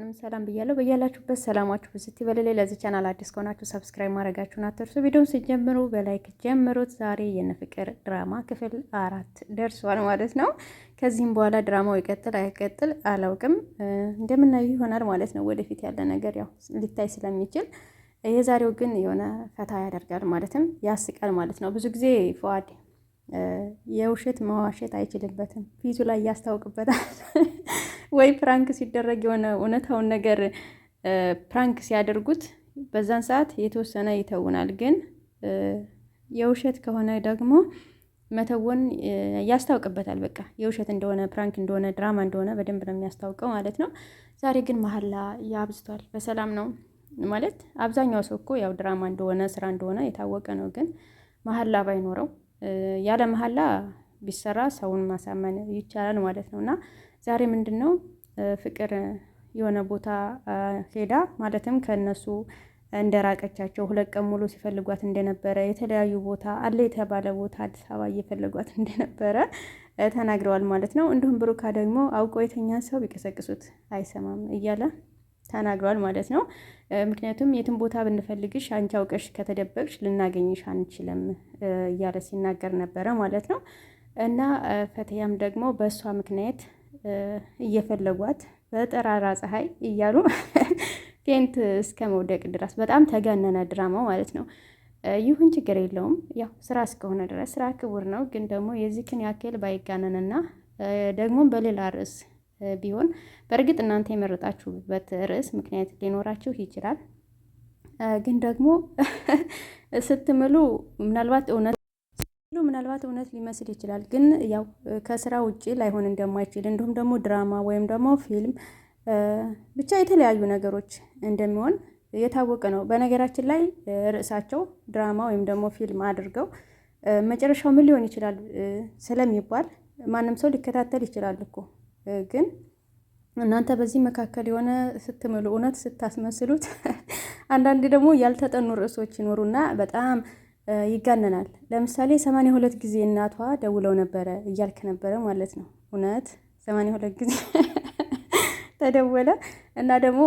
ሁላችሁንም ሰላም ብያለሁ። በያላችሁበት ሰላማችሁ ብስቲ በሌላ ለዚህ ቻናል አዲስ ከሆናችሁ ሰብስክራይብ ማድረጋችሁን አትርሱ። ቪዲዮውን ሲጀምሩ በላይክ ጀምሩት። ዛሬ የነፍቅር ድራማ ክፍል አራት ደርሷል ማለት ነው። ከዚህም በኋላ ድራማው ይቀጥል አይቀጥል አላውቅም፣ እንደምናየው ይሆናል ማለት ነው። ወደፊት ያለ ነገር ያው ሊታይ ስለሚችል የዛሬው ግን የሆነ ፈታ ያደርጋል ማለትም ያስቃል ማለት ነው። ብዙ ጊዜ ፈዋድ የውሸት መዋሸት አይችልበትም፣ ፊቱ ላይ ያስታውቅበታል። ወይ ፕራንክ ሲደረግ የሆነ እውነታውን ነገር ፕራንክ ሲያደርጉት በዛን ሰዓት የተወሰነ ይተውናል። ግን የውሸት ከሆነ ደግሞ መተወን ያስታውቅበታል። በቃ የውሸት እንደሆነ ፕራንክ እንደሆነ ድራማ እንደሆነ በደንብ ነው የሚያስታውቀው ማለት ነው። ዛሬ ግን መሀላ ያብዝቷል። በሰላም ነው ማለት አብዛኛው ሰው እኮ ያው ድራማ እንደሆነ ስራ እንደሆነ የታወቀ ነው። ግን መሀላ ባይኖረው ያለ መሀላ ቢሰራ ሰውን ማሳመን ይቻላል ማለት ነው እና ዛሬ ምንድን ነው ፍቅር የሆነ ቦታ ሄዳ ማለትም ከእነሱ እንደራቀቻቸው ሁለት ቀን ሙሉ ሲፈልጓት እንደነበረ የተለያዩ ቦታ አለ የተባለ ቦታ አዲስ አበባ እየፈለጓት እንደነበረ ተናግረዋል ማለት ነው። እንዲሁም ብሩካ ደግሞ አውቆ የተኛ ሰው ቢቀሰቅሱት አይሰማም እያለ ተናግረዋል ማለት ነው። ምክንያቱም የትም ቦታ ብንፈልግሽ አንቺ አውቀሽ ከተደበቅሽ ልናገኝሽ አንችልም እያለ ሲናገር ነበረ ማለት ነው። እና ፈትያም ደግሞ በእሷ ምክንያት እየፈለጓት በጠራራ ፀሐይ እያሉ ፔንት እስከ መውደቅ ድረስ በጣም ተጋነነ ድራማው ማለት ነው። ይሁን ችግር የለውም ያው ስራ እስከሆነ ድረስ ስራ ክቡር ነው። ግን ደግሞ የዚህን ያክል ባይጋነንና ደግሞ በሌላ ርዕስ ቢሆን በእርግጥ እናንተ የመረጣችሁበት ርዕስ ምክንያት ሊኖራችሁ ይችላል። ግን ደግሞ ስትምሉ ምናልባት እውነት ምናልባት እውነት ሊመስል ይችላል፣ ግን ያው ከስራ ውጭ ላይሆን እንደማይችል እንዲሁም ደግሞ ድራማ ወይም ደግሞ ፊልም ብቻ የተለያዩ ነገሮች እንደሚሆን የታወቀ ነው። በነገራችን ላይ ርዕሳቸው ድራማ ወይም ደግሞ ፊልም አድርገው መጨረሻው ምን ሊሆን ይችላል ስለሚባል ማንም ሰው ሊከታተል ይችላል እኮ። ግን እናንተ በዚህ መካከል የሆነ ስትምሉ እውነት ስታስመስሉት አንዳንድ ደግሞ ያልተጠኑ ርዕሶች ይኖሩና በጣም ይጋነናል። ለምሳሌ 82 ሁለት ጊዜ እናቷ ደውለው ነበረ እያልክ ነበረ ማለት ነው። እውነት 82 ጊዜ ተደወለ እና ደግሞ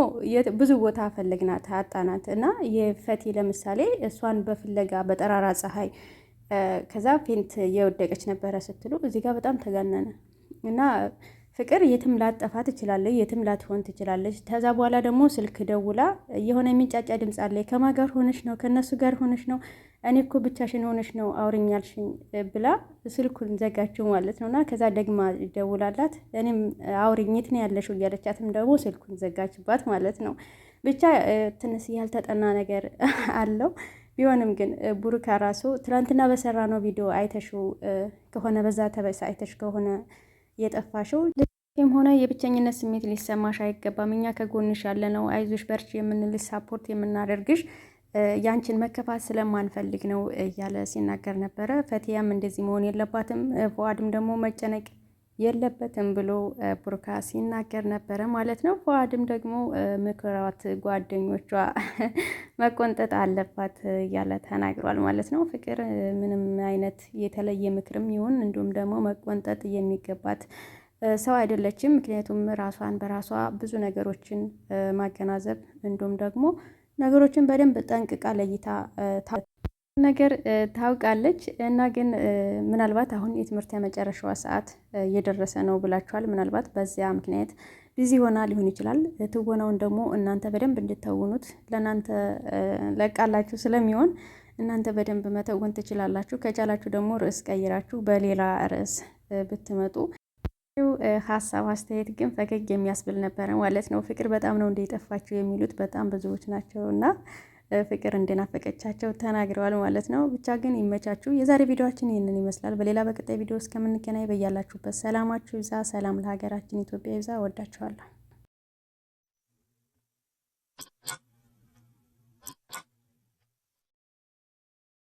ብዙ ቦታ ፈለግናት አጣናት። እና የፈቲ ለምሳሌ እሷን በፍለጋ በጠራራ ፀሐይ ከዛ ፌንት እየወደቀች ነበረ ስትሉ እዚህ ጋር በጣም ተጋነነ እና ፍቅር የትም ላጠፋ ትችላለች፣ የትም ላትሆን ትችላለች። ከዛ በኋላ ደግሞ ስልክ ደውላ የሆነ የሚንጫጫ ድምፅ አለ። ከማ ጋር ሆነሽ ነው? ከእነሱ ጋር ሆነሽ ነው? እኔ እኮ ብቻሽን ሆነሽ ነው አውርኛልሽኝ ብላ ስልኩን ዘጋችው ማለት ነው። እና ከዛ ደግማ ደውላላት እኔም አውርኝት ነው ያለሽው እያለቻትም ደግሞ ስልኩን ዘጋችባት ማለት ነው። ብቻ ትንስ ያልተጠና ነገር አለው። ቢሆንም ግን ቡሩካ ራሱ ትናንትና በሰራ ነው ቪዲዮ አይተሹ ከሆነ በዛ ተበሳ አይተሽ ከሆነ የጠፋሽው ልም ሆነ የብቸኝነት ስሜት ሊሰማሽ አይገባም። እኛ ከጎንሽ ያለ ነው፣ አይዞሽ በርች የምንልሽ ሳፖርት የምናደርግሽ ያንቺን መከፋት ስለማንፈልግ ነው እያለ ሲናገር ነበረ። ፈቲያም እንደዚህ መሆን የለባትም ፉአድም ደግሞ መጨነቅ የለበትም ብሎ ቡርካ ሲናገር ነበረ ማለት ነው። ፈዋድም ደግሞ ምክራት ጓደኞቿ መቆንጠጥ አለባት እያለ ተናግሯል ማለት ነው። ፍቅር ምንም አይነት የተለየ ምክርም ይሁን እንዲሁም ደግሞ መቆንጠጥ የሚገባት ሰው አይደለችም። ምክንያቱም ራሷን በራሷ ብዙ ነገሮችን ማገናዘብ እንዲሁም ደግሞ ነገሮችን በደንብ ጠንቅቃ ለይታ ነገር ታውቃለች እና ግን ምናልባት አሁን የትምህርት የመጨረሻዋ ሰዓት እየደረሰ ነው ብላችኋል። ምናልባት በዚያ ምክንያት ቢዚ ሆና ሊሆን ይችላል። ትወናውን ደግሞ እናንተ በደንብ እንድትተውኑት ለእናንተ ለቃላችሁ ስለሚሆን እናንተ በደንብ መተወን ትችላላችሁ። ከቻላችሁ ደግሞ ርዕስ ቀይራችሁ በሌላ ርዕስ ብትመጡ ሀሳብ አስተያየት ግን ፈገግ የሚያስብል ነበረ ማለት ነው። ፍቅር በጣም ነው እንደ የጠፋችሁ የሚሉት በጣም ብዙዎች ናቸው እና ፍቅር እንደናፈቀቻቸው ተናግረዋል ማለት ነው። ብቻ ግን ይመቻችሁ። የዛሬ ቪዲዮችን ይህንን ይመስላል። በሌላ በቀጣይ ቪዲዮ እስከምንገናኝ በያላችሁበት ሰላማችሁ ይብዛ። ሰላም ለሀገራችን ኢትዮጵያ ይብዛ። ወዳችኋለሁ።